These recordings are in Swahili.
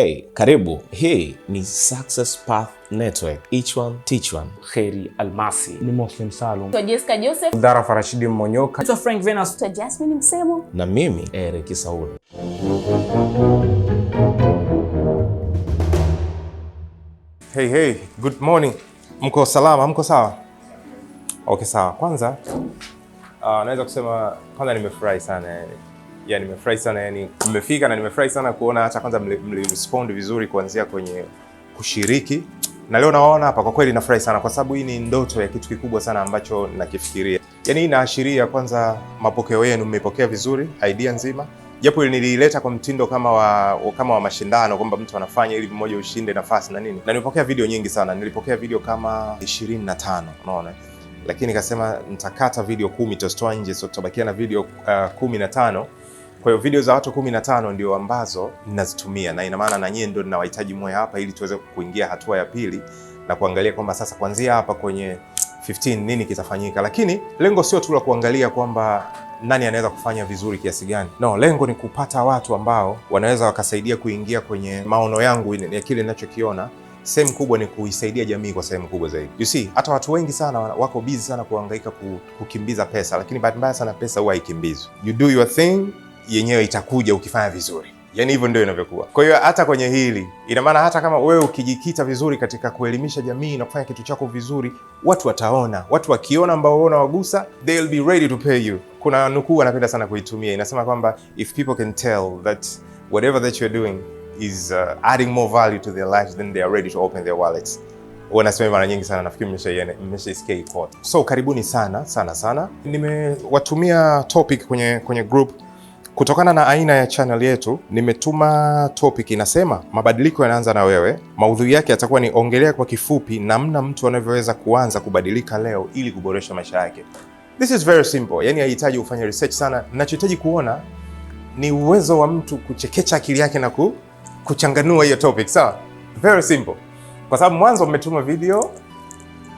Hey, karibu. Hii ni Success Path Network. Each one teach one. Kheri Almasi. Ni Muslim Salum. Tua Jessica Joseph. Dharafa Farashidi Mmonyoka. Tua Frank Venus. Tua Jasmine Msemo. Na mimi Eric Sauli. Hey, hey, good morning. Mko salama? Mko sawa? Okay, sawa. Kwanza uh, naweza kusema kwanza nimefurahi sana yani ya nimefurahi sana yani, mmefika na nimefurahi sana kuona hata kwanza mlirespond vizuri kuanzia kwenye kushiriki na leo nawaona hapa, kwa kweli nafurahi sana kwa sababu hii ni ndoto ya kitu kikubwa sana ambacho nakifikiria. Yani hii inaashiria kwanza mapokeo yenu, mmepokea vizuri idea nzima, japo nilileta kwa mtindo kama wa kama wa mashindano kwamba mtu anafanya ili mmoja ushinde nafasi na nini, na nilipokea video nyingi sana, nilipokea video kama 25 unaona lakini nikasema nitakata video kumi, tutatoa nje, so tutabakia na video uh, kumi na tano kwa hiyo video za watu 15 ndio ambazo ninazitumia na ina maana na nyie ndio ninawahitaji mwe hapa ili tuweze kuingia hatua ya pili na kuangalia kwamba sasa kuanzia hapa kwenye 15 nini kitafanyika, lakini lengo sio tu la kuangalia kwamba nani anaweza kufanya vizuri kiasi gani. No, lengo ni kupata watu ambao wanaweza wakasaidia kuingia kwenye maono yangu ya kile ninachokiona. Sehemu kubwa ni kuisaidia jamii kwa sehemu kubwa zaidi. You see, hata watu wengi sana wako busy sana kuhangaika kukimbiza pesa, lakini bahati mbaya sana pesa huwa haikimbizwi. You do your thing yenyewe itakuja ukifanya vizuri. Yaani hivyo ndio inavyokuwa. Kwa hiyo hata kwenye hili, ina maana hata kama wewe ukijikita vizuri katika kuelimisha jamii na kufanya kitu chako vizuri, watu wataona. Watu wakiona ambao wewe unawagusa, they'll be ready to pay you. Kuna nukuu anapenda sana kuitumia, inasema kwamba if people can tell that whatever that you're doing is uh, adding more value to their lives then they are ready to open their wallets. Wanasema mara nyingi sana, nafikiri mmeshaisikia. So karibuni sana sana sana, nimewatumia topic kwenye kwenye group Kutokana na aina ya channel yetu nimetuma topic inasema, mabadiliko yanaanza na wewe. Maudhui yake yatakuwa ni ongelea kwa kifupi namna mtu anavyoweza kuanza kubadilika leo ili kuboresha maisha yake. This is very simple, yani haihitaji ufanye research sana. Nachohitaji kuona ni uwezo wa mtu kuchekecha akili yake na ku, kuchanganua hiyo topic, sawa? Very simple, kwa sababu mwanzo mmetuma video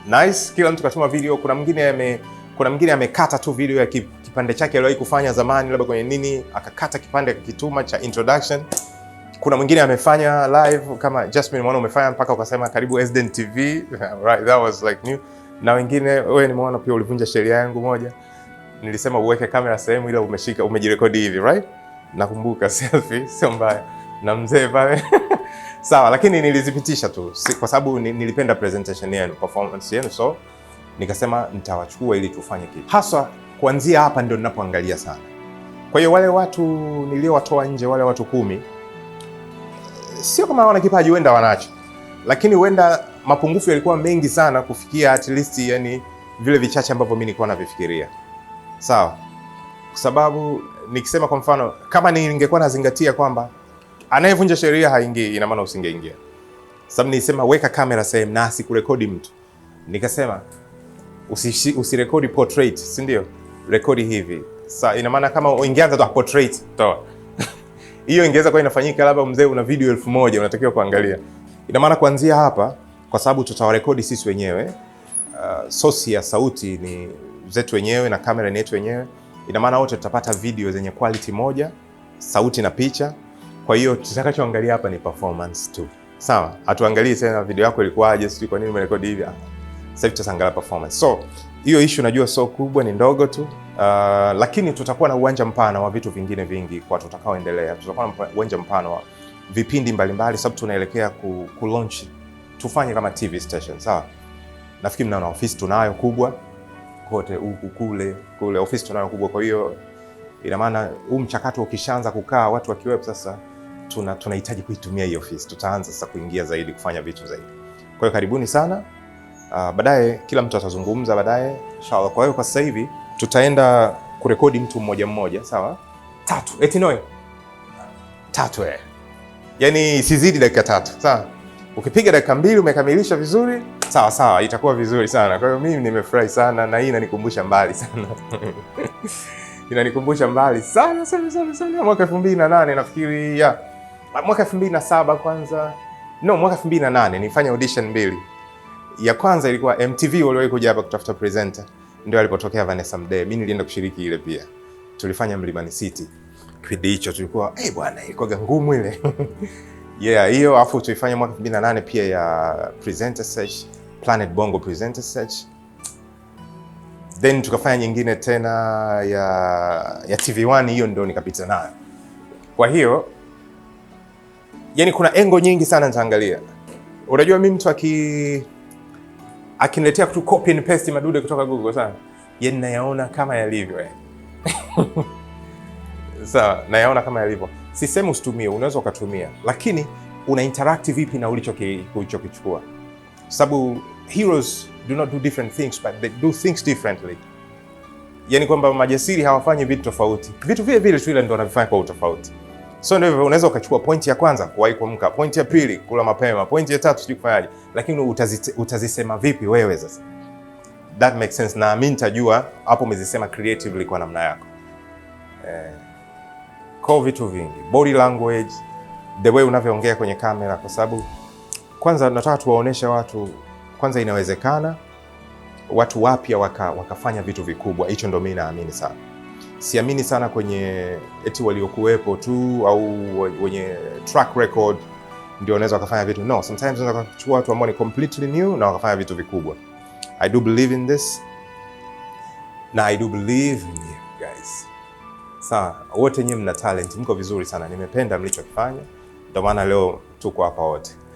nice, kila mtu katuma video. Kuna mwingine ame, kuna mwingine amekata tu video ya kipi kipande chake aliwahi kufanya zamani, labda kwenye nini, akakata kipande akakituma cha introduction. Kuna mwingine amefanya live kama Jasmine Mwana, umefanya mpaka ukasema karibu Esden TV right, that was like new. Na wengine wewe nimeona pia ulivunja sheria yangu moja, nilisema uweke kamera sehemu, ila umeshika umejirekodi hivi right, nakumbuka selfie, sio mbaya na mzee pale sawa, lakini nilizipitisha tu kwa sababu nilipenda presentation yenu, performance yenu, so nikasema nitawachukua ili tufanye kitu haswa kuanzia hapa ndio ninapoangalia sana. Kwa hiyo wale watu niliowatoa nje, wale watu kumi, sio kama wana kipaji, huenda wanacho, lakini huenda mapungufu yalikuwa mengi sana kufikia at least, yani vile vichache ambavyo mimi nilikuwa navifikiria. Sawa, kwa sababu nikisema kwa mfano kama ningekuwa nazingatia kwamba anayevunja sheria haingii, ina maana usingeingia. Sababu nilisema weka kamera sehemu na asikurekodi mtu, nikasema usirekodi usi portrait, si ndio? rekodi hivi. Sa, ina maana kama ingeanza tu portrait toa hiyo ingeweza kuwa inafanyika labda mzee, una video elfu moja unatakiwa kuangalia. Ina maana kuanzia hapa, kwa sababu tutawarekodi sisi wenyewe, uh, sosi ya sauti ni zetu wenyewe na kamera ni yetu wenyewe. Ina maana wote tutapata video zenye quality moja, sauti na picha. Kwa hiyo tutakachoangalia hapa ni performance tu, sawa? Hatuangalii tena video yako ilikuwaje, sijui kwa nini umerekodi hivi. Ah, sasa tutaangalia performance so hiyo ishu najua sio kubwa, ni ndogo tu uh, lakini tutakuwa na uwanja mpana wa vitu vingine vingi kwa tutakaoendelea. Tutakuwa na uwanja mpana wa vipindi mbalimbali, sababu tunaelekea ku, ku launch tufanye kama TV station sawa. Nafikiri mnaona ofisi tunayo kubwa kote huku kule kule, ofisi tunayo kubwa. Kwa hiyo ina maana huu mchakato ukishaanza kukaa watu wakiwepo sasa, tunahitaji tuna kuitumia hii ofisi. Tutaanza sasa kuingia zaidi kufanya vitu zaidi. Kwa hiyo karibuni sana. Ah, baadaye kila mtu atazungumza baadaye inshallah. Kwa hiyo kwa sasa hivi tutaenda kurekodi mtu mmoja mmoja, sawa? Tatu eti eh, noyo tatu, eh, yani sizidi dakika tatu, sawa? Ukipiga dakika mbili umekamilisha vizuri, sawa sawa, itakuwa vizuri sana. Kwa hiyo mimi nimefurahi sana na hii inanikumbusha mbali sana inanikumbusha mbali sana sana sana sana, mwaka 2008 na nafikiri, ya mwaka 2007 kwanza, no, mwaka 2008 nifanya audition mbili ya kwanza ilikuwa MTV waliwahi kuja hapa kutafuta presenter, ndio alipotokea Vanessa Mdee. Mimi nilienda kushiriki ile pia, tulifanya Mlimani City kipindi hicho, tulikuwa eh, hey, bwana ilikuwa ngumu ile yeah, hiyo afu tulifanya mwaka 2008 pia ya presenter search, Planet Bongo presenter search, then tukafanya nyingine tena ya ya TV1, hiyo ndio nikapita nayo. Kwa hiyo yani kuna engo nyingi sana nitaangalia. Unajua mimi mtu aki akiniletea tu copy and paste madude kutoka Google sana, ye nayaona kama yalivyo eh. Sawa, nayaona kama yalivyo. Sisemi usitumie, unaweza ukatumia, lakini una interact vipi na ulichokichukua? Sababu heroes do not do different things but they do things differently. Yani kwamba majasiri hawafanyi vitu tofauti, vitu vile vile tu, ile ndo wanavifanya kwa utofauti. So ndio hivyo, unaweza ukachukua pointi ya kwanza, kuwahi kumka, pointi ya pili, kula mapema, pointi ya tatu, sijui kufanyaje, lakini utazi, utazisema vipi wewe sasa? That makes sense, na mimi nitajua hapo umezisema creatively kwa namna yako eh, kwa vitu vingi, body language, the way unavyoongea kwenye kamera, kwa sababu kwanza nataka tuwaoneshe watu kwanza inawezekana watu wapya waka, wakafanya vitu vikubwa. Hicho ndo mimi naamini sana siamini sana kwenye eti waliokuwepo tu au wenye track record ndio wanaweza wakafanya vitu. No, sometimes unaweza kuchukua watu ambao ni completely new na wakafanya vitu vikubwa. I do believe in this na I do believe in you guys. Sawa, wote nyinyi mna talent, mko vizuri sana. Nimependa mlichokifanya, ndio maana leo tuko hapa wote.